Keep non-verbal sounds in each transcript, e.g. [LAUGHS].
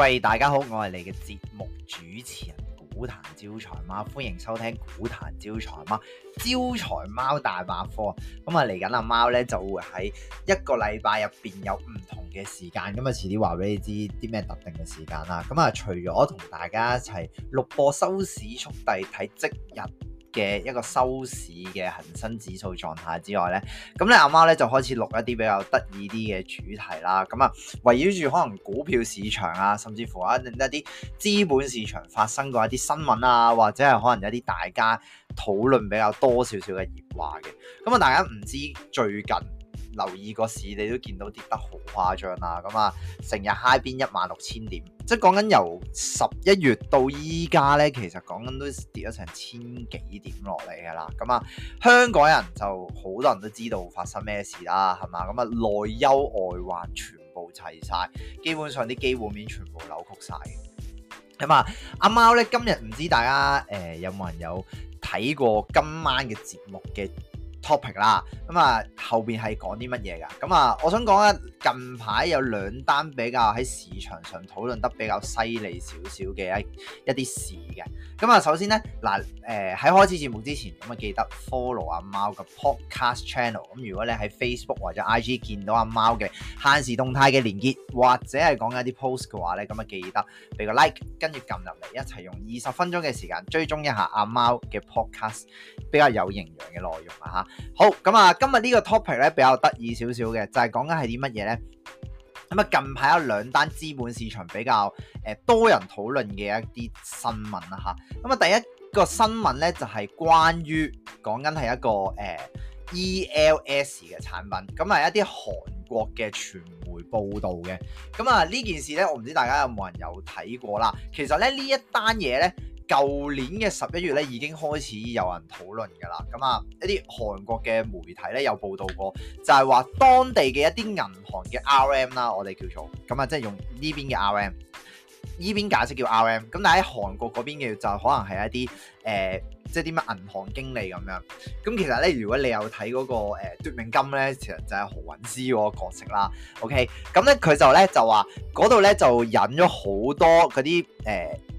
喂，大家好，我係你嘅節目主持人古壇招財貓，歡迎收聽古壇招財貓招財貓大百科。咁啊，嚟緊阿貓咧就會喺一個禮拜入邊有唔同嘅時間，咁啊遲啲話俾你知啲咩特定嘅時間啦。咁啊，除咗同大家一齊錄播收市速遞睇即日。嘅一個收市嘅恒生指數狀態之外咧，咁咧阿媽咧就開始錄一啲比較得意啲嘅主題啦。咁啊，圍繞住可能股票市場啊，甚至乎一啲資本市場發生過一啲新聞啊，或者係可能一啲大家討論比較多少少嘅熱話嘅。咁啊，大家唔知最近留意個市，你都見到跌得好誇張啦！咁啊，成日嗨邊一萬六千點，即係講緊由十一月到依家咧，其實講緊都跌咗成千幾點落嚟噶啦。咁啊，香港人就好多人都知道發生咩事啦，係嘛？咁啊，內憂外患全部砌晒，基本上啲基本面全部扭曲晒。咁啊，阿貓咧，今日唔知大家誒、呃、有冇人有睇過今晚嘅節目嘅？Topic 啦，咁啊、嗯、後邊係講啲乜嘢㗎？咁、嗯、啊，我想講啊，近排有兩單比較喺市場上討論得比較犀利少少嘅一一啲事嘅。咁、嗯、啊，首先咧嗱，誒、嗯、喺、呃、開始節目之前，咁、嗯、啊記得 follow 阿、啊、貓嘅 podcast channel、嗯。咁如果你喺 Facebook 或者 IG 見到阿、啊、貓嘅限時動態嘅連結，或者係講緊一啲 post 嘅話咧，咁、嗯、啊、嗯、記得俾個 like，跟住撳入嚟一齊用二十分鐘嘅時間追蹤一下阿、啊、貓嘅 podcast 比較有營養嘅內容啊嚇！好咁啊，今日呢個 topic 咧，比較得意少少嘅，就係講緊係啲乜嘢咧？咁啊，近排有兩單資本市場比較誒多人討論嘅一啲新聞啦吓。咁啊，第一個新聞咧，就係、是、關於講緊係一個誒、呃、ELS 嘅產品，咁啊，一啲韓國嘅傳媒報道嘅。咁啊，呢件事咧，我唔知大家有冇人有睇過啦。其實咧呢一單嘢咧。舊年嘅十一月咧，已經開始有人討論噶啦。咁啊，一啲韓國嘅媒體咧有報道過，就係話當地嘅一啲銀行嘅 RM 啦，我哋叫做咁啊，即係用呢邊嘅 RM，呢邊解釋叫 RM。咁但係喺韓國嗰邊嘅就可能係一啲誒，即係啲乜銀行經理咁樣。咁其實咧，如果你有睇嗰個誒奪命金咧，其實就係何韻詩個角色啦。OK，咁咧佢就咧就話嗰度咧就引咗好多嗰啲誒。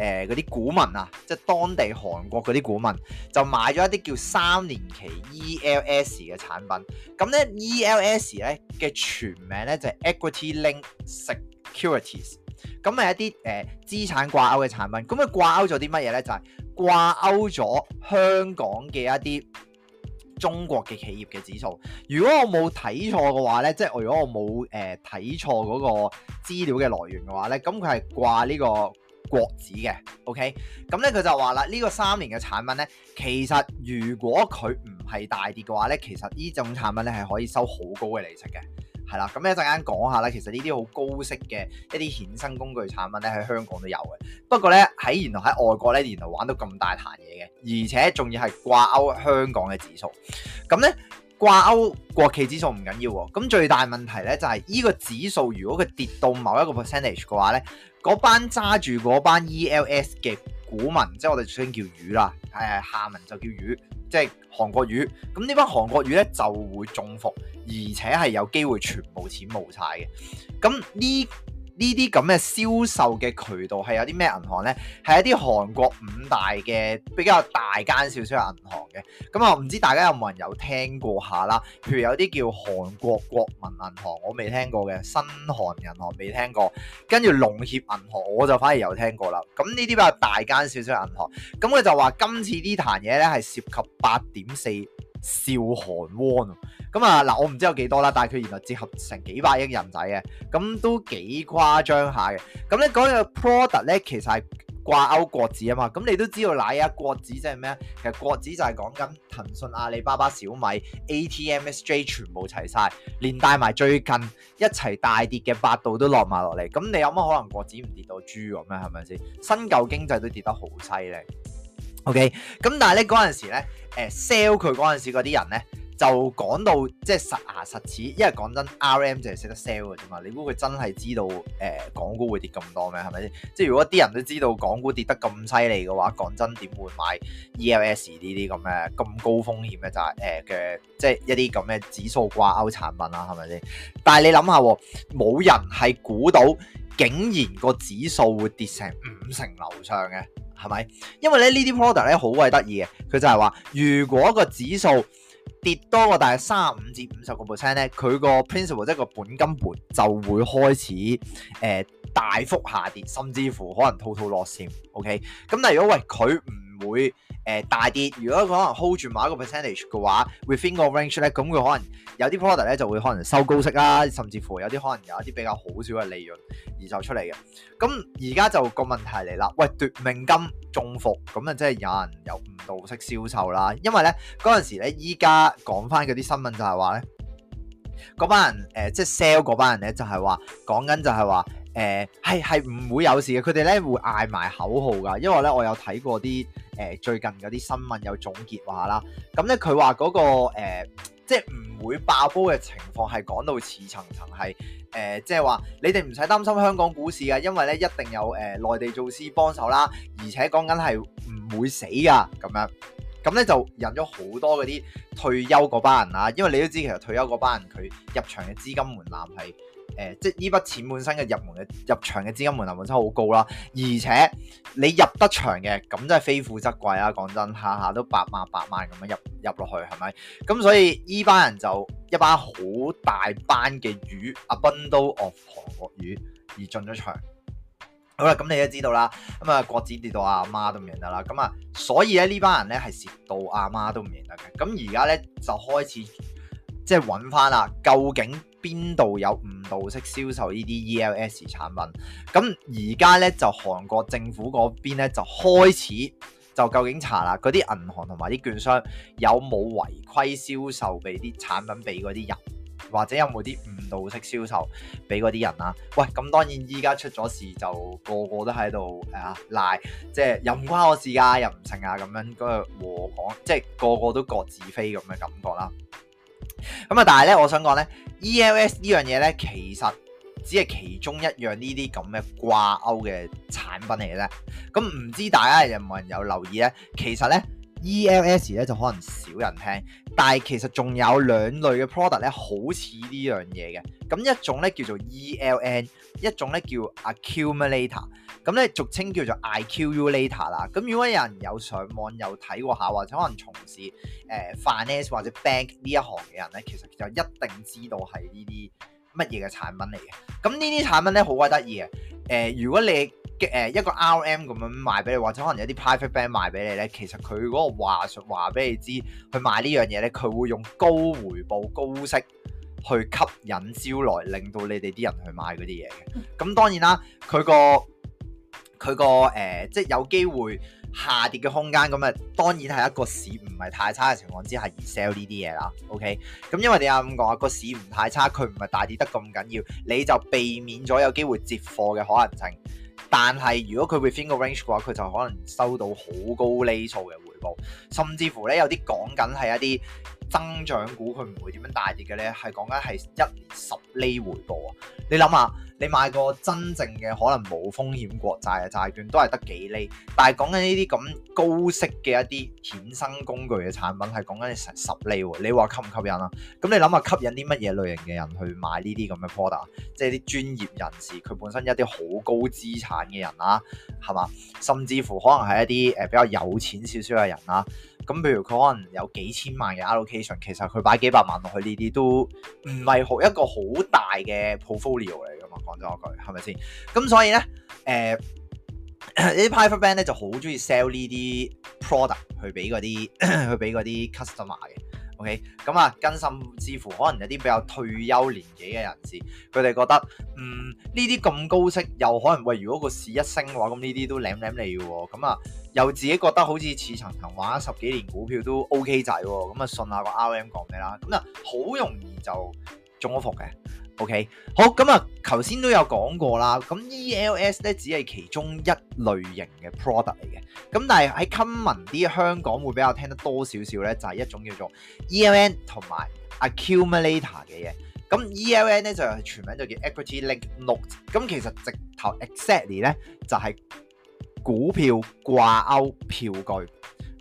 誒嗰啲股民啊，即係當地韓國嗰啲股民，就買咗一啲叫三年期 ELS 嘅產品。咁咧，ELS 咧嘅全名咧就係、是、Equity Link Securities。咁係一啲誒資產掛鈎嘅產品。咁佢掛鈎咗啲乜嘢咧？就係掛鈎咗香港嘅一啲中國嘅企業嘅指數。如果我冇睇錯嘅話咧，即係如果我冇誒睇錯嗰個資料嘅來源嘅話咧，咁佢係掛呢個。國指嘅，OK，咁咧佢就話啦，呢個三年嘅產品咧，其實如果佢唔係大跌嘅話咧，其實呢種產品咧係可以收好高嘅利息嘅，係啦，咁一陣間講下咧，其實呢啲好高息嘅一啲衍生工具產品咧喺香港都有嘅，不過咧喺原來喺外國咧，原來玩到咁大壇嘢嘅，而且仲要係掛鈎香港嘅指數，咁咧。掛鈎國企指數唔緊要喎，咁最大問題咧就係呢個指數如果佢跌到某一個 percentage 嘅話咧，嗰班揸住嗰班 ELS 嘅股民，即係我哋俗稱叫魚啦，誒、哎、下文就叫魚，即係韓國魚，咁呢班韓國魚咧就會中伏，而且係有機會全部錢冇晒嘅，咁呢？呢啲咁嘅銷售嘅渠道係有啲咩銀行呢？係一啲韓國五大嘅比較大間少少銀行嘅。咁、嗯、啊，唔知大家有冇人有聽過下啦？譬如有啲叫韓國國民銀行，我未聽過嘅；新韓銀行未聽過，跟住農協銀行我就反而有聽過啦。咁呢啲比較大間少少銀行，咁、嗯、佢就話今次壇呢壇嘢呢係涉及八點四兆韓元。咁啊，嗱、嗯，我唔知有幾多啦，但佢原來折合成幾百億人仔嘅，咁都幾誇張下嘅。咁咧嗰個 product 咧，其實係掛鈎國指啊嘛，咁、嗯、你都知道嗱，而家國指即係咩？其實國指就係講緊騰訊、阿里巴巴、小米、ATMSJ 全部齊晒，連帶埋最近一齊大跌嘅百度都落埋落嚟。咁、嗯、你有乜可能國指唔跌到豬咁樣？係咪先？新舊經濟都跌得好犀利。OK，咁、嗯、但係咧嗰陣時咧，誒 sell 佢嗰陣時嗰啲人咧。就講到即係實牙、啊、實齒，因為講真，R.M. 就係識得 sell 嘅啫嘛。你估佢真係知道誒、呃、港股會跌咁多咩？係咪先？即係如果啲人都知道港股跌得咁犀利嘅話，講真點會買 E.L.S. 呢啲咁嘅咁高風險嘅？就係誒嘅即係一啲咁嘅指數掛鈎產品啦，係咪先？但係你諗下，冇人係估到竟然個指數會跌成五成樓上嘅，係咪？因為咧呢啲 product 咧好鬼得意嘅，佢就係話如果個指數跌多個大約三十五至五十個 percent 咧，佢個 principal 即係個本金盤就會開始誒、呃、大幅下跌，甚至乎可能套套落線。OK，咁但係如果喂佢唔會，誒、呃、大跌，如果佢可能 hold 住某一個 percentage 嘅話 [MUSIC] ，within 個 range 咧，咁佢可能有啲 product 咧就會可能收高息啦，甚至乎有啲可能有一啲比較好少嘅利潤而出就出嚟嘅。咁而家就個問題嚟啦，喂奪命金中伏，咁啊真係有人有誤導式銷售啦，因為咧嗰陣時咧依家講翻嗰啲新聞就係話咧，嗰班人誒、呃、即係 sale 嗰班人咧就係話講緊就係話。誒，係係唔會有事嘅，佢哋咧會嗌埋口號噶，因為咧我有睇過啲誒、呃、最近嗰啲新聞有總結話啦，咁咧佢話嗰個、呃、即係唔會爆煲嘅情況係講到似層層係誒，即係話你哋唔使擔心香港股市啊，因為咧一定有誒、呃、內地造市幫手啦，而且講緊係唔會死噶咁樣，咁咧就引咗好多嗰啲退休嗰班人啊，因為你都知其實退休嗰班人佢入場嘅資金門檻係。誒、呃，即係呢筆錢本身嘅入門嘅入場嘅資金門檻本身好高啦，而且你入得場嘅，咁真係非富則貴啊。講真，八萬八萬下下都百萬百萬咁樣入入落去，係咪？咁所以呢班人就一班好大班嘅魚，阿賓都鱷魚而進咗場。好啦，咁你都知道啦，咁啊國指跌到阿媽都唔認得啦，咁啊，所以咧呢班人咧係蝕到阿媽都唔認得嘅。咁而家咧就開始即係揾翻啦，究竟，邊度有誤導式銷售呢啲 ELS 產品？咁而家呢，就韓國政府嗰邊呢就開始就究竟查啦，嗰啲銀行同埋啲券商有冇違規銷售俾啲產品俾嗰啲人，或者有冇啲誤導式銷售俾嗰啲人啦？喂，咁當然依家出咗事就個個都喺度誒賴，即係又唔關我事㗎、啊，又唔成啊咁樣，嗰、那個和講即係個個都各自飛咁嘅感覺啦。咁啊、嗯！但係咧，我想講咧，ELS 呢樣嘢咧，其實只係其中一樣呢啲咁嘅掛鈎嘅產品嚟嘅咧。咁、嗯、唔知大家有冇人有留意咧？其實咧，E.L.S 咧就可能少人聽，但係其實仲有兩類嘅 product 咧，好似呢樣嘢嘅。咁一種咧叫做 E.L.N，一種咧叫 accumulator、嗯。咁咧俗稱叫做 I kill you later 啦。咁如果有人有上網有睇過下，或者可能從事誒、呃、finance 或者 bank 呢一行嘅人咧，其實就一定知道係呢啲乜嘢嘅產品嚟嘅。咁呢啲產品咧好鬼得意嘅。誒、呃，如果你誒一個 RM 咁樣賣俾你，或者可能有啲 private bank 賣俾你咧，其實佢嗰個話術話俾你知去買呢樣嘢咧，佢會用高回報、高息去吸引招來，令到你哋啲人去買嗰啲嘢嘅。咁 [LAUGHS] 當然啦，佢個佢個誒，即係有機會下跌嘅空間，咁啊當然係一個市唔係太差嘅情況之下而 sell 呢啲嘢啦。OK，咁因為你解咁講？個市唔太差，佢唔係大跌得咁緊要，你就避免咗有機會接貨嘅可能性。但係如果佢 within 個 range 嘅話，佢就可能收到好高 error 嘅。甚至乎咧，有啲講緊係一啲增長股，佢唔會點樣大跌嘅咧，係講緊係一年十厘回報啊！你諗下，你買個真正嘅可能冇風險國債嘅債,債券都係得幾厘，但係講緊呢啲咁高息嘅一啲衍生工具嘅產品，係講緊係十厘喎！你話吸唔吸引啊？咁你諗下吸引啲乜嘢類型嘅人去買呢啲咁嘅 product，即係啲專業人士，佢本身一啲好高資產嘅人啊，係嘛？甚至乎可能係一啲誒比較有錢少少嘅。人啦，咁譬如佢可能有幾千萬嘅 allocation，其實佢擺幾百萬落去呢啲都唔係好一個好大嘅 portfolio 嚟噶嘛。講咗一句係咪先？咁所以咧，誒呢啲 private bank 咧就好中意 sell 呢啲 product 去俾啲去俾啲 customer 嘅。 [COUGHS] O K，咁啊，甚至乎，可能有啲比較退休年紀嘅人士，佢哋覺得，嗯，呢啲咁高息，又可能喂，如果個市一升嘅話，咁呢啲都舐舐你嘅喎，咁、嗯、啊，又自己覺得好似似層層玩十幾年股票都 O K 仔喎，咁、嗯、啊，信下個 R M 講咩啦，咁、嗯、啊，好容易就中咗伏嘅。OK，好咁啊！頭先都有講過啦，咁 ELS 咧只係其中一類型嘅 product 嚟嘅。咁但係喺 common 啲香港會比較聽得多少少咧，就係一種叫做 ELN 同埋 accumulator 嘅嘢。咁 ELN 咧就係全名就叫 Equity Link Note。咁其實直頭 exactly 咧就係股票掛鈎票據，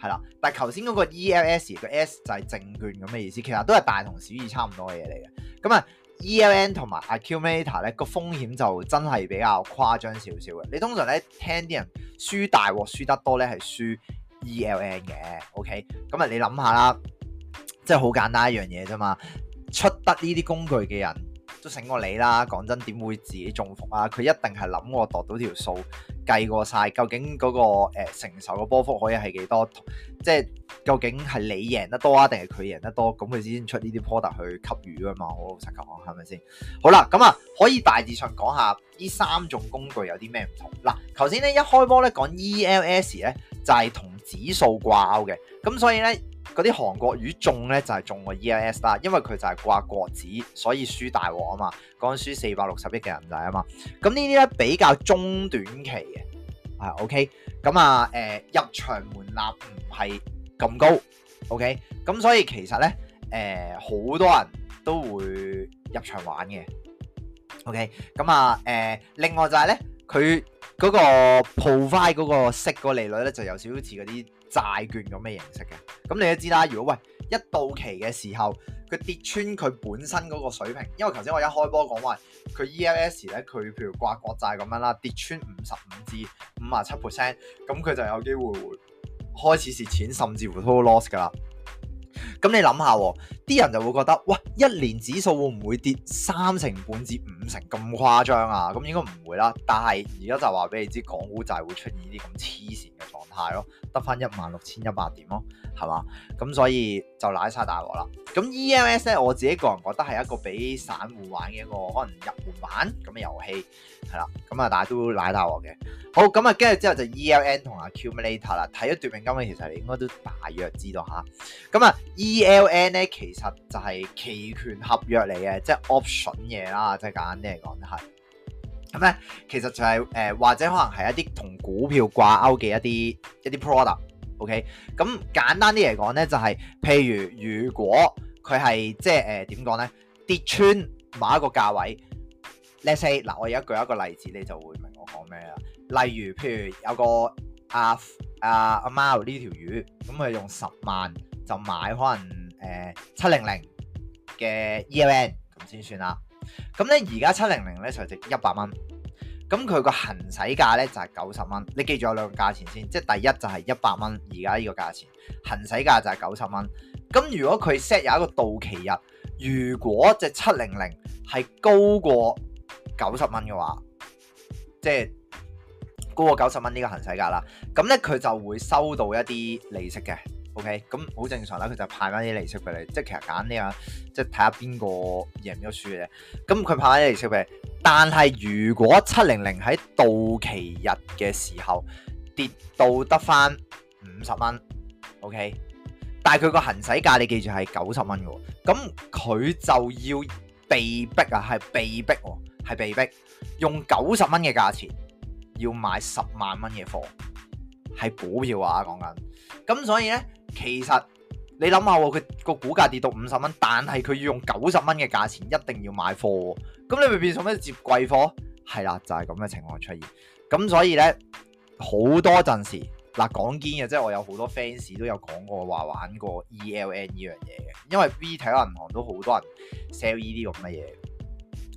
係啦。但係頭先嗰個 ELS 個 S 就係證券咁嘅意思，其實都係大同小異差，差唔多嘅嘢嚟嘅。咁啊～E L N 同埋 accumulator 咧，個風險就真係比較誇張少少嘅。你通常咧聽啲人輸大鑊輸得多咧係輸 E L N 嘅。OK，咁、嗯、啊你諗下啦，即係好簡單一樣嘢啫嘛，出得呢啲工具嘅人。都醒過你啦，講真點會自己中伏啊？佢一定係諗過度到條數，計過晒，究竟嗰、嗰個承受嘅波幅可以係幾多？即係究竟係你贏得多啊，定係佢贏得多？咁佢先出呢啲 product 去吸魚啊嘛！我老實講，係咪先？好啦，咁啊，可以大致上講下呢三種工具有啲咩唔同嗱？頭先咧一開波咧講 ELS 咧就係、係、同指數掛鈎嘅，咁所以咧。嗰啲韓國語中咧就係中個 ELS 啦，因為佢就係掛國指，所以輸大鑊啊嘛，剛輸四百六十億嘅人仔啊嘛，咁呢啲咧比較中短期嘅，啊 OK，咁啊誒入場門檻唔係咁高，OK，咁所以其實咧誒好多人都會入場玩嘅，OK，咁啊誒另外就係咧。佢嗰個 provide 嗰個息嗰個利率咧，就有少少似嗰啲債券咁嘅形式嘅。咁你都知啦，如果喂一到期嘅時候，佢跌穿佢本身嗰個水平，因為頭先我一開波講話，佢 ELS 咧，佢譬如掛國債咁樣啦，跌穿五十五至五啊七 percent，咁佢就有機會開始蝕錢，甚至乎都 loss 噶啦。咁你諗下，啲人就會覺得，哇，一年指數會唔會跌三成半至五成咁誇張啊？咁應該唔會啦，但係而家就話俾你知，港股債會出現呢啲咁黐綫嘅狀態咯，得翻一萬六千一百點咯。係嘛？咁所以就奶晒大鑊啦。咁 ELS 咧，我自己個人覺得係一個俾散戶玩嘅一個可能入門玩咁嘅遊戲，係啦。咁啊，大家都奶大鑊嘅。好，咁啊，跟住之後就 ELN 同埋 Accumulator 啦，睇咗奪命金嘅其實你應該都大約知道吓。咁啊，ELN 咧，其實就係期權合約嚟嘅，即係 option 嘢啦，即係簡單啲嚟講係。咁咧，其實就係，誒，或者可能係一啲同股票掛鈎嘅一啲一啲 product。OK，咁簡單啲嚟講咧，就係、是、譬如如果佢係，即係誒，點講咧，跌穿某一個價位，let's say 嗱，我而家舉一個例子，你就會明我講咩啦。例如，譬如有個阿阿阿貓呢條魚，咁佢用十萬就買可能誒七零零嘅 e a m 咁先算啦。咁咧，而家七零零咧就值一百蚊。咁佢個行使價咧就係九十蚊，你記住有兩個價錢先，即係第一就係一百蚊，而家呢個價錢，行使價就係九十蚊。咁如果佢 set 有一個到期日，如果隻七零零係高過九十蚊嘅話，即係高過九十蚊呢個行使價啦，咁咧佢就會收到一啲利息嘅，OK，咁好正常啦，佢就派翻啲利息俾你，即係其實揀呢啲啊，即係睇下邊個贏咗輸嘅，咁佢派翻啲利息俾你。但係如果七零零喺到期日嘅時候跌到得翻五十蚊，OK，但係佢個行使價你記住係九十蚊嘅，咁佢就要被逼啊，係被逼，係被逼，用九十蚊嘅價錢要買十萬蚊嘅貨，係股票啊，講緊，咁所以呢，其實。你諗下喎，佢個股價跌到五十蚊，但係佢要用九十蚊嘅價錢一定要買貨，咁你咪變咗咩接貴貨？係啦，就係咁嘅情況出現。咁所以咧，好多陣時嗱，講堅嘅，即係我有好多 fans 都有講過話玩過 ELN 呢樣嘢嘅，因為 B 體育銀行都好多人 sell 依啲咁嘅嘢，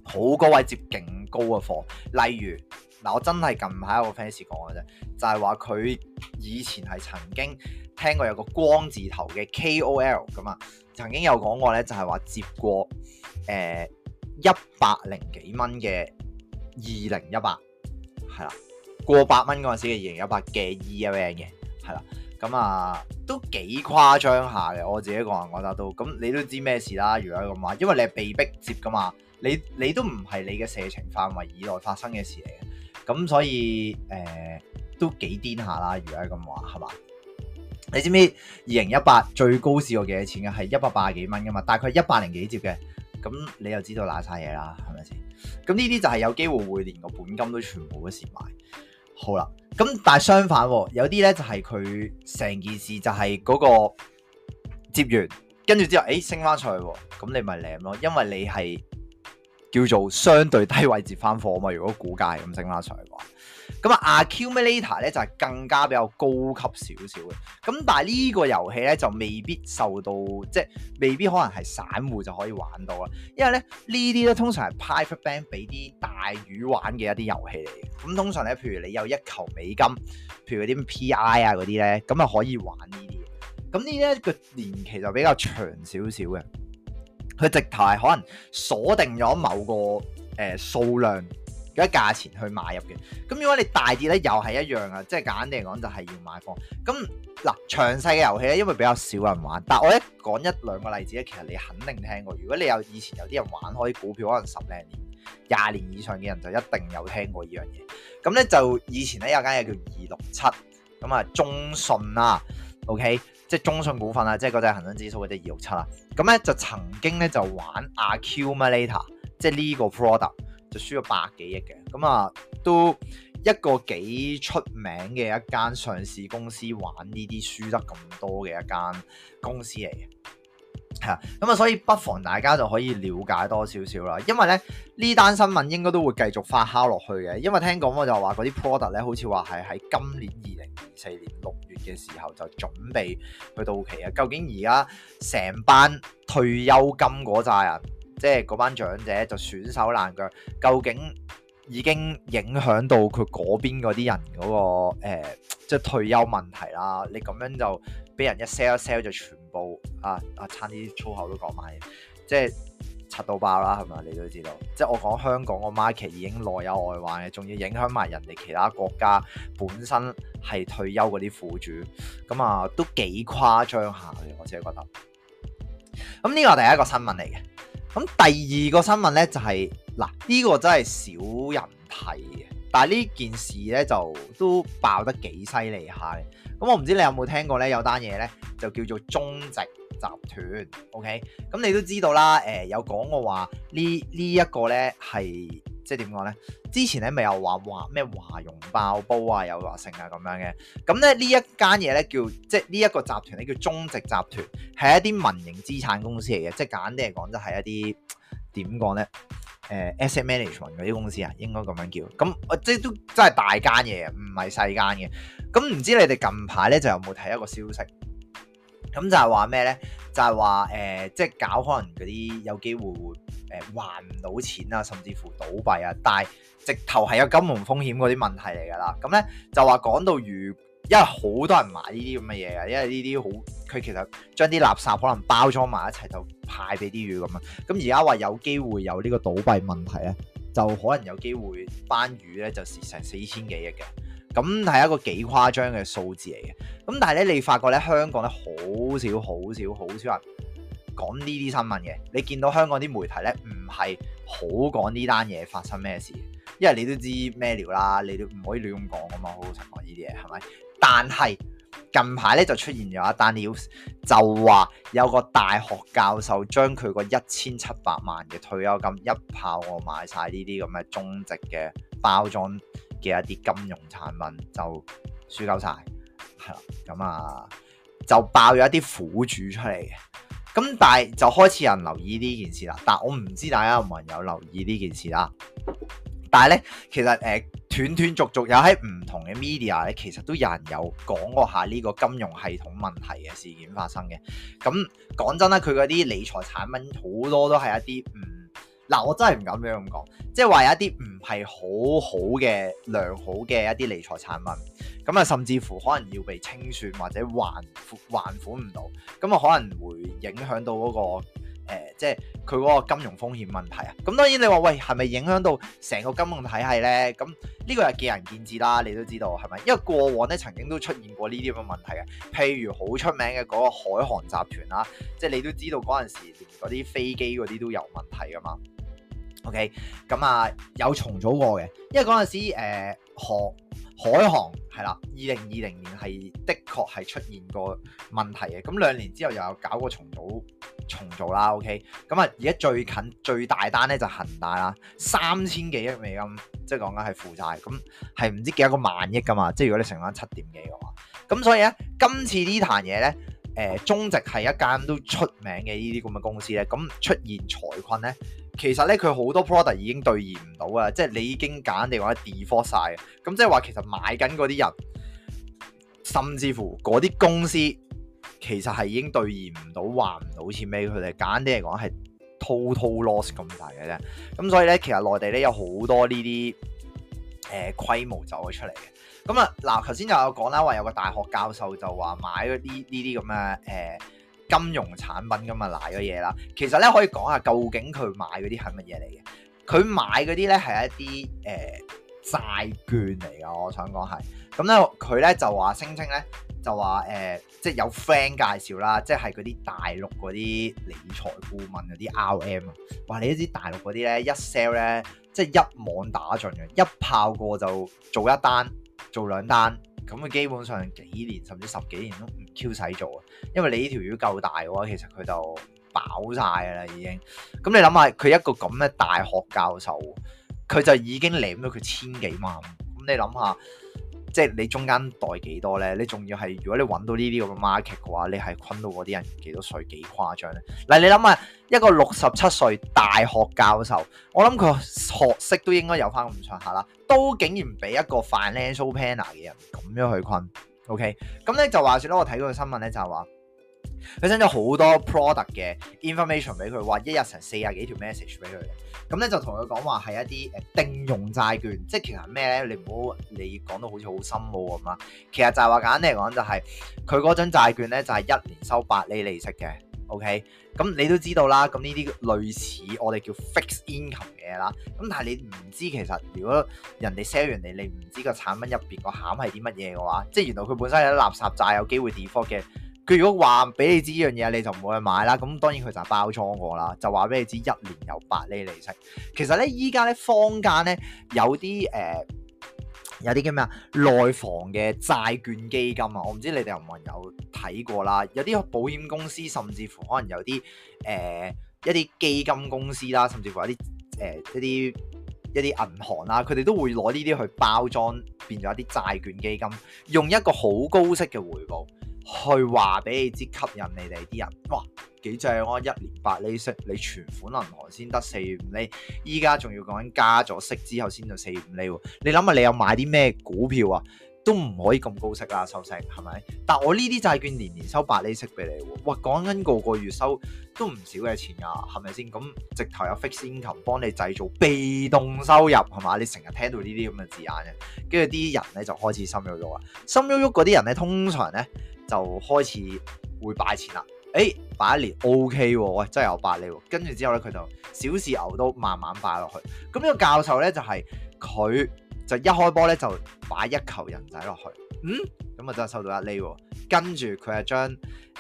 好高位接勁高嘅貨，例如。嗱，我真係近排有個 fans 講嘅啫，就係話佢以前係曾經聽過有個光字頭嘅 K.O.L. 咁啊，曾經有講過咧，就係話接過誒一百零幾蚊嘅二零一八，係啦，過百蚊嗰陣時嘅二零一八嘅 event 嘅係啦，咁啊都幾誇張下嘅，我自己講下覺得都咁，你都知咩事啦？如果咁話，因為你係被逼接噶嘛，你你都唔係你嘅射程範圍以內發生嘅事嚟嘅。咁所以誒、呃、都幾癲下啦，如果咁話係嘛？你知唔知二零一八最高試過幾多錢嘅？係一百八十幾蚊噶嘛，大概一百零幾折嘅。咁你又知道嗱晒嘢啦，係咪先？咁呢啲就係有機會會連個本金都全部都蝕埋。好啦，咁但係相反、啊，有啲咧就係佢成件事就係嗰個接完，跟住之後，誒、欸、升翻出去喎、啊。咁你咪舐咯，因為你係。叫做相對低位接翻貨啊嘛！如果股價係咁升啦上嘅話，咁啊 accumulator 咧就係更加比較高級少少嘅。咁但係呢個遊戲咧就未必受到，即係未必可能係散戶就可以玩到啦。因為咧呢啲咧通常係 private bank 俾啲大魚玩嘅一啲遊戲嚟嘅。咁通常咧，譬如你有一球美金，譬如啲 PI 啊嗰啲咧，咁啊可以玩呢啲嘅。咁呢啲一個年期就比較長少少嘅。佢直頭係可能鎖定咗某個誒、呃、數量嗰啲價錢去買入嘅，咁如果你大跌咧，又係一樣啊！即係簡單嚟講，就係要買貨。咁嗱，詳細嘅遊戲咧，因為比較少人玩，但我一講一兩個例子咧，其實你肯定聽過。如果你有以前有啲人玩開股票，可能十零年、廿年以上嘅人，就一定有聽過呢樣嘢。咁咧就以前咧有間嘢叫二六七，咁啊中信啊，OK。即係中信股份啊，即係嗰隻恒生指數嗰隻二六七啊，咁咧就曾經咧就玩 Accumulator，即係呢個 product 就輸咗百幾億嘅，咁啊都一個幾出名嘅一間上市公司，玩呢啲輸得咁多嘅一間公司嚟嘅。係咁啊，所以不妨大家就可以了解多少少啦。因為咧呢單新聞應該都會繼續發酵落去嘅，因為聽講我就話嗰啲 product 咧，好似話係喺今年二零二四年六月嘅時候就準備去到期啊。究竟而家成班退休金嗰扎人，即係嗰班長者就損手爛腳，究竟已經影響到佢嗰邊嗰啲人嗰個呃，即係退休問題啦。你咁樣就～俾人一 sell 一 sell 就全部啊啊，差啲粗口都講埋，即係柒到爆啦，係咪？你都知道，即係我講香港個 market 已經內有外患嘅，仲要影響埋人哋其他國家本身係退休嗰啲苦主，咁啊都幾誇張下嘅，我只係覺得。咁呢個第一個新聞嚟嘅，咁第二個新聞咧就係嗱，呢個真係少人睇。但係呢件事咧就都爆得幾犀利下嘅，咁、嗯、我唔知你有冇聽過咧，有單嘢咧就叫做中植集團，OK，咁、嗯、你都知道啦，誒、呃、有講過話呢呢一個咧係即係點講咧？之前咧咪又話話咩華融爆煲啊，又話成啊咁樣嘅，咁、嗯、咧呢一間嘢咧叫即係呢一個集團咧叫中植集團，係一啲民營資產公司嚟嘅，即係簡單嚟講就係一啲點講咧？誒 asset management 嗰啲公司啊，應該咁樣叫，咁、嗯、我即係都真係大間嘢，唔係細間嘅。咁、嗯、唔知你哋近排咧就有冇睇一個消息？咁就係話咩咧？就係話誒，即係搞可能嗰啲有機會誒、呃、還唔到錢啊，甚至乎倒閉啊，但係直頭係有金融風險嗰啲問題嚟噶啦。咁、嗯、咧、嗯、就話講到如。因為好多人買呢啲咁嘅嘢啊，因為呢啲好佢其實將啲垃圾可能包裝埋一齊就派俾啲魚咁啊。咁而家話有機會有呢個倒閉問題咧，就可能有機會班魚咧就蝕成四千幾億嘅。咁係一個幾誇張嘅數字嚟嘅。咁但係咧，你發覺咧香港咧好少好少好少人講呢啲新聞嘅。你見到香港啲媒體咧唔係好講呢單嘢發生咩事，因為你都知咩料啦，你都唔可以亂講噶嘛。好好講呢啲嘢係咪？但係近排咧就出現咗一單 news，就話有個大學教授將佢個一千七百萬嘅退休金一炮，我買曬呢啲咁嘅中值嘅包裝嘅一啲金融產品就輸鳩晒。係啦，咁啊就爆咗一啲苦主出嚟嘅，咁但係就開始有人留意呢件事啦，但我唔知大家有冇人有留意呢件事啦。但係咧，其實誒斷斷續續有喺唔同嘅 media 咧，其實都有人有講過下呢個金融系統問題嘅事件發生嘅。咁講真啦，佢嗰啲理財產品好多都係一啲唔嗱，我真係唔敢俾佢咁講，即係話有一啲唔係好好嘅良好嘅一啲理財產品，咁啊甚至乎可能要被清算或者還還款唔到，咁啊可能會影響到嗰個。誒、呃，即係佢嗰個金融風險問題啊！咁當然你話喂，係咪影響到成個金融體系咧？咁呢個係見仁見智啦，你都知道係咪？因為過往咧曾經都出現過呢啲咁嘅問題啊，譬如好出名嘅嗰個海航集團啦、啊，即係你都知道嗰陣時連嗰啲飛機嗰啲都有問題噶嘛。OK，咁、嗯、啊、呃、有重組過嘅，因為嗰陣時誒、呃海航系啦，二零二零年係的確係出現過問題嘅，咁兩年之後又有搞過重組重做啦，OK，咁啊而家最近最大單咧就恒大啦，三千幾億美金，即係講緊係負債，咁係唔知幾多個萬億噶嘛，即係如果你成翻七點幾嘅話，咁所以咧今次呢壇嘢咧，誒、呃、中植係一間都出名嘅呢啲咁嘅公司咧，咁出現財困咧。其實咧，佢好多 product 已經兌現唔到啊！即係你已經簡啲或者 default 晒，咁即係話其實買緊嗰啲人，甚至乎嗰啲公司，其實係已經兌現唔到、還唔到錢俾佢哋。簡單啲嚟講，係 total loss 咁大嘅啫。咁所以咧，其實內地咧有好多呢啲誒規模走咗出嚟嘅。咁啊，嗱，頭先就有講啦，話有個大學教授就話買呢呢啲咁嘅誒。這金融產品噶嘛，賴咗嘢啦。其實咧可以講下，究竟佢買嗰啲係乜嘢嚟嘅？佢買嗰啲咧係一啲誒、呃、債券嚟噶，我想講係。咁咧佢咧就話聲稱咧，就話誒、呃，即係有 friend 介紹啦，即係嗰啲大陸嗰啲理財顧問嗰啲 RM 啊。R M，哇！你呢啲大陸嗰啲咧一 sell 咧，即係一網打盡嘅，一炮過就做一單，做兩單。咁佢基本上幾年甚至十幾年都唔 Q 使做啊，因為你呢條魚夠大嘅話，其實佢就飽晒嘅啦已經。咁你諗下，佢一個咁嘅大學教授，佢就已經舐咗佢千幾萬。咁你諗下。即係你中間袋幾多咧？你仲要係如果你揾到呢啲咁嘅 market 嘅話，你係坤到嗰啲人幾多歲幾誇張咧？嗱，你諗下一個六十七歲大學教授，我諗佢學識都應該有翻咁上下啦，都竟然俾一個 financial planner 嘅人咁樣去坤。OK，咁咧就話說啦。我睇嗰個新聞咧就係話。佢 send 咗好多 product 嘅 information 俾佢，話一日成四十幾條 message 俾佢嘅。咁咧就同佢講話係一啲誒定用債券，即係其實咩咧？你唔好你講到好似好深奧咁啦。其實就係話簡單嚟講，就是，就係佢嗰張債券咧，就係一年收八厘利息嘅。OK，咁你都知道啦。咁呢啲類似我哋叫 fixed income 嘅嘢啦。咁但係你唔知其實如果人哋 sell 完你，你唔知個產品入邊個餡係啲乜嘢嘅話，即係原來佢本身有啲垃圾債，有機會 default 嘅。佢如果話俾你知呢樣嘢，你就唔會去買啦。咁當然佢就係包裝過啦，就話俾你知一年有八厘利息。其實咧，依家咧坊間咧有啲誒，有啲叫咩啊？內房嘅債券基金啊，我唔知你哋有冇人有睇過啦。有啲保險公司，甚至乎可能有啲誒、呃、一啲基金公司啦，甚至乎有、呃、一啲誒一啲一啲銀行啦，佢哋都會攞呢啲去包裝，變咗一啲債券基金，用一個好高息嘅回報。去話俾你知吸引你哋啲人，哇幾正啊！一年八厘息，你存款銀行先得四五厘。依家仲要講加咗息之後先到四五厘。你諗下，你有買啲咩股票啊？都唔可以咁高息啦，收息，係咪？但我呢啲債券年年收百厘息俾你喎、啊，哇！講緊個個月收都唔少嘅錢㗎、啊，係咪先？咁直頭有 fixed income 幫你製造被動收入，係嘛？你成日聽到呢啲咁嘅字眼嘅，跟住啲人咧就開始心喐喐啊，心喐喐嗰啲人咧通常咧就開始會擺錢啦。誒，擺一年 O K 喎，喂、OK 啊，真係有百厘喎、啊，跟住之後咧佢就小事牛都慢慢擺落去。咁、這、呢個教授咧就係、是、佢。就一開波咧，就擺一球人仔落去，嗯，咁啊真係收到一厘喎、啊。跟住佢啊將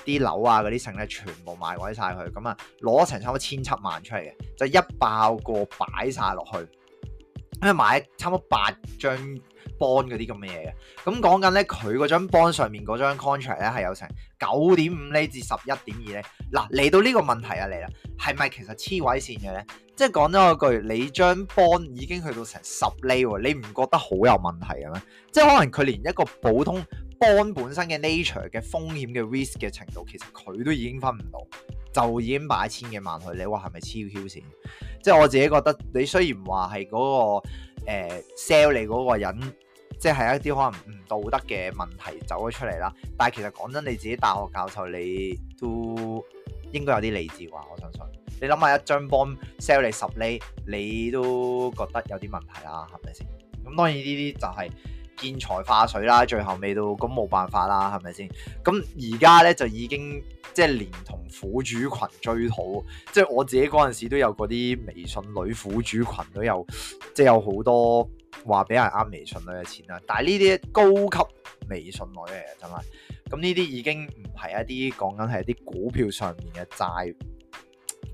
啲樓啊嗰啲剩咧全部買曬晒佢，咁啊攞成差唔多千七萬出嚟嘅，就一爆過擺晒落去，因為買差唔多八張 bond 嗰啲咁嘅嘢嘅。咁講緊咧，佢嗰張 bond 上面嗰張 contract 咧係有成九點五厘至十一點二咧。嗱，嚟到呢個問題啊，嚟啦，係咪其實黐位線嘅咧？即係講咗一句，你將 bond 已經去到成十厘，你唔覺得好有問題嘅咩？即係可能佢連一個普通 bond 本身嘅 nature 嘅風險嘅 risk 嘅程度，其實佢都已經分唔到，就已經擺千幾萬去。你話係咪超黐線？即係我自己覺得，你雖然話係嗰個 sell、呃、你嗰個人，即係一啲可能唔道德嘅問題走咗出嚟啦。但係其實講真，你自己大學教授，你都應該有啲理智啩，我相信。你諗下一張 bond sell 你十厘，你都覺得有啲問題啦，係咪先？咁當然呢啲就係見財化水啦，最後尾都咁冇辦法啦，係咪先？咁而家咧就已經即係、就是、連同苦主群追討，即、就、係、是、我自己嗰陣時都有嗰啲微信女苦主群都有，即、就、係、是、有好多話俾人呃微信女嘅錢啊！但係呢啲高級微信女嚟嘅，真係咁呢啲已經唔係一啲講緊係一啲股票上面嘅債。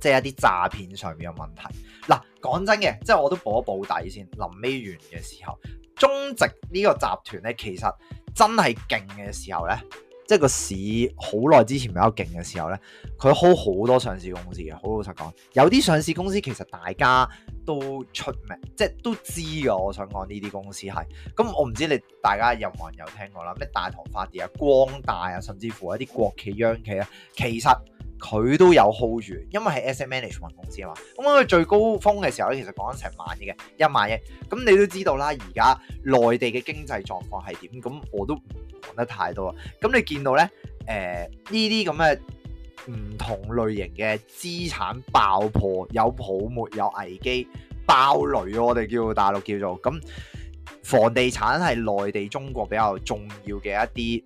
即係一啲詐騙上面嘅問題。嗱，講真嘅，即係我都補一補底先。臨尾完嘅時候，中植呢個集團咧，其實真係勁嘅時候咧，即係個市好耐之前比較勁嘅時候咧，佢 hold 好多上市公司嘅。好老實講，有啲上市公司其實大家都出名，即係都知㗎。我想講呢啲公司係。咁我唔知你大家有冇人有聽過啦？咩大唐發電啊、光大啊，甚至乎一啲國企央企啊，其實。佢都有 hold 住，因為係 asset management 公司啊嘛。咁佢最高峰嘅時候咧，其實講緊成萬億嘅，一萬億。咁你都知道啦，而家內地嘅經濟狀況係點？咁我都唔講得太多啦。咁你見到咧，誒呢啲咁嘅唔同類型嘅資產爆破，有泡沫，有危機，爆雷我哋叫大陸叫做咁。房地產係內地中國比較重要嘅一啲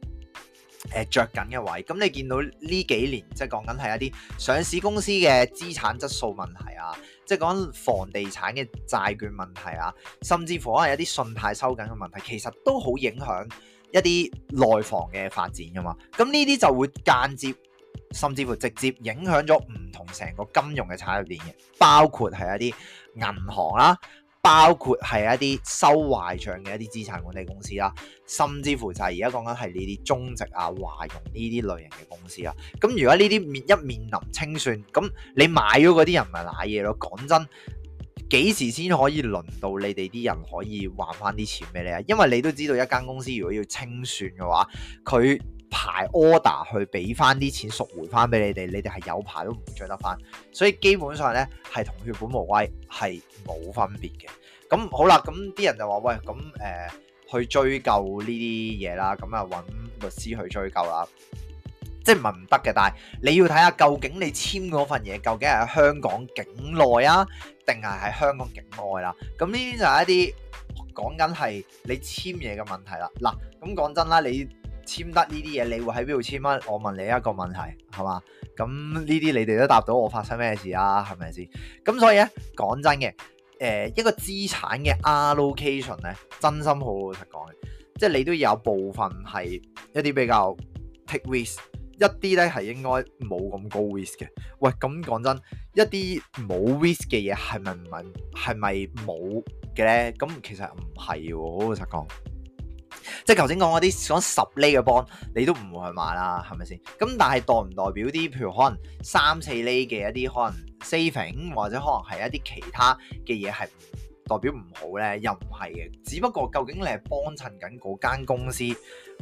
着、呃、著緊嘅位，咁、嗯、你見到呢幾年即係講緊係一啲上市公司嘅資產質素問題啊，即係講房地產嘅債券問題啊，甚至乎可能一啲信貸收緊嘅問題，其實都好影響一啲內房嘅發展㗎嘛。咁呢啲就會間接，甚至乎直接影響咗唔同成個金融嘅產業鏈嘅，包括係一啲銀行啦、啊。包括係一啲收壞賬嘅一啲資產管理公司啦，甚至乎就係而家講緊係呢啲中植啊華融呢啲類型嘅公司啦。咁如果呢啲面一面臨清算，咁你買咗嗰啲人咪瀨嘢咯。講真，幾時先可以輪到你哋啲人可以還翻啲錢俾你啊？因為你都知道，一間公司如果要清算嘅話，佢。排 order 去俾翻啲錢贖回翻俾你哋，你哋係有排都唔會追得翻，所以基本上咧係同血本無歸係冇分別嘅。咁好啦，咁啲人就話喂，咁誒、呃、去追究呢啲嘢啦，咁啊揾律師去追究啦，即係唔係唔得嘅？但係你要睇下究竟你簽嗰份嘢究竟係香港境內啊，定係喺香港境外啦、啊？咁呢啲就係一啲講緊係你簽嘢嘅問題啦。嗱，咁講真啦，你。簽得呢啲嘢，你會喺邊度簽？乜？我問你一個問題，係嘛？咁呢啲你哋都答到，我發生咩事啊？係咪先？咁所以咧，講真嘅，誒、呃，一個資產嘅 allocation 咧，真心好老實講嘅，即係你都有部分係一啲比較 take risk，一啲咧係應該冇咁高 risk 嘅。喂，咁講真，一啲冇 risk 嘅嘢，係咪唔係？係咪冇嘅咧？咁其實唔係，好老實講。即係頭先講嗰啲講十厘嘅 bond 你都唔會去買啦，係咪先？咁但係代唔代表啲，譬如可能三四厘嘅一啲可能 saving，或者可能係一啲其他嘅嘢係代表唔好咧？又唔係嘅，只不過究竟你係幫襯緊嗰間公司，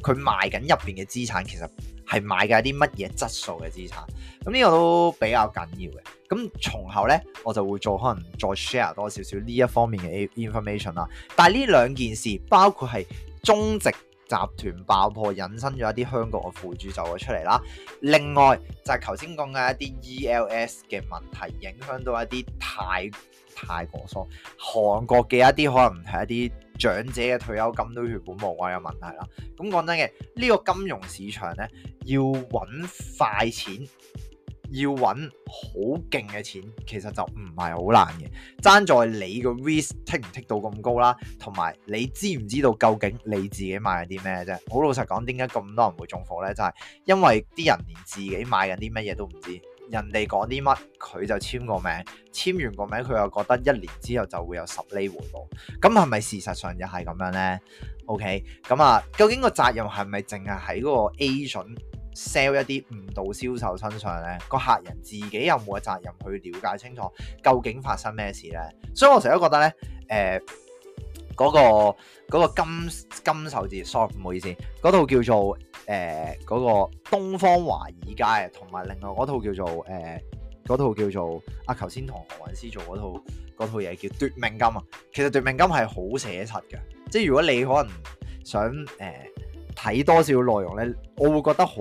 佢賣緊入邊嘅資產，其實係賣嘅一啲乜嘢質素嘅資產？咁呢個都比較緊要嘅。咁從後咧，我就會做可能再 share 多少少呢一方面嘅 information 啦。但係呢兩件事包括係。中植集團爆破，引申咗一啲香港嘅附著就會出嚟啦，另外就係頭先講嘅一啲 E L S 嘅問題影響到一啲泰、泰國、韓國嘅一啲可能係一啲長者嘅退休金都血本無歸嘅問題啦。咁講真嘅，呢個金融市場呢，要揾快錢。要揾好勁嘅錢，其實就唔係好難嘅，爭在你個 risk 剔唔剔到咁高啦，同埋你知唔知道究竟你自己買啲咩啫？好老實講，點解咁多人會中火呢？就係因為啲人連自己買緊啲咩嘢都唔知，人哋講啲乜佢就簽個名，簽完個名佢又覺得一年之後就會有十厘回報，咁係咪事實上又係咁樣呢？OK，咁啊，究竟個責任係咪淨係喺嗰個 agent？sell 一啲誤導銷售身上咧，個客人自己有冇嘅責任去了解清楚究竟發生咩事咧？所以我成日都覺得咧，誒、呃，嗰、嗰個、嗰個金金手指，sorry，唔好意思，嗰套叫做誒、呃嗰個東方華爾街，同埋另外嗰套叫做誒、呃、套叫做阿頭先同何韻詩做嗰套套嘢叫奪命金啊！其實奪命金係好寫實嘅，即係如果你可能想誒。呃睇多少內容呢？我會覺得好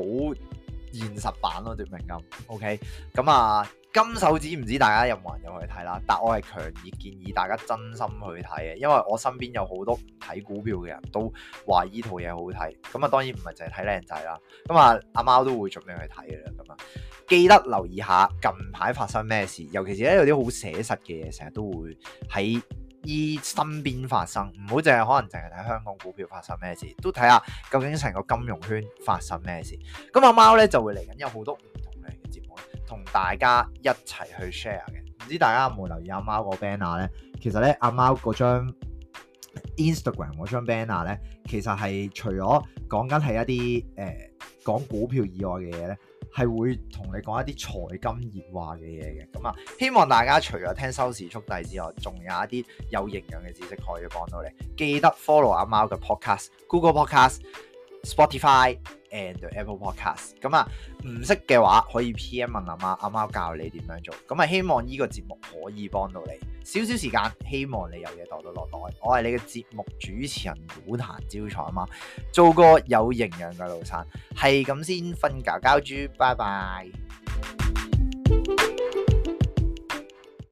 現實版咯，奪命金。OK，咁啊，金手指唔知大家有冇人有去睇啦，但我係強烈建議大家真心去睇嘅，因為我身邊有好多睇股票嘅人都話依套嘢好睇。咁啊，當然唔係淨係睇靚仔啦。咁啊，阿貓都會盡力去睇嘅啦。咁啊，記得留意下近排發生咩事，尤其是咧有啲好寫實嘅嘢，成日都會喺依身邊發生，唔好淨係可能淨係睇香港股票發生咩事，都睇下究竟成個金融圈發生咩事。咁阿貓咧就會嚟緊有好多唔同類嘅節目，同大家一齊去 share 嘅。唔知大家有冇留意阿貓個 banner 咧？其實咧阿貓嗰張 Instagram 嗰張 banner 咧，其實係除咗講緊係一啲誒講股票以外嘅嘢咧。係會同你講一啲財金熱話嘅嘢嘅，咁啊，希望大家除咗聽收市速遞之外，仲有一啲有營養嘅知識可以幫到你，記得 follow 阿、啊、貓嘅 podcast，Google Podcast。Spotify and the Apple Podcast，咁啊唔識嘅話可以 PM 問阿媽，阿媽教你點樣做。咁啊希望呢個節目可以幫到你，少少時間希望你有嘢袋到落袋。我係你嘅節目主持人古壇招財阿媽，做個有營養嘅老生，係咁先瞓覺覺豬，拜拜。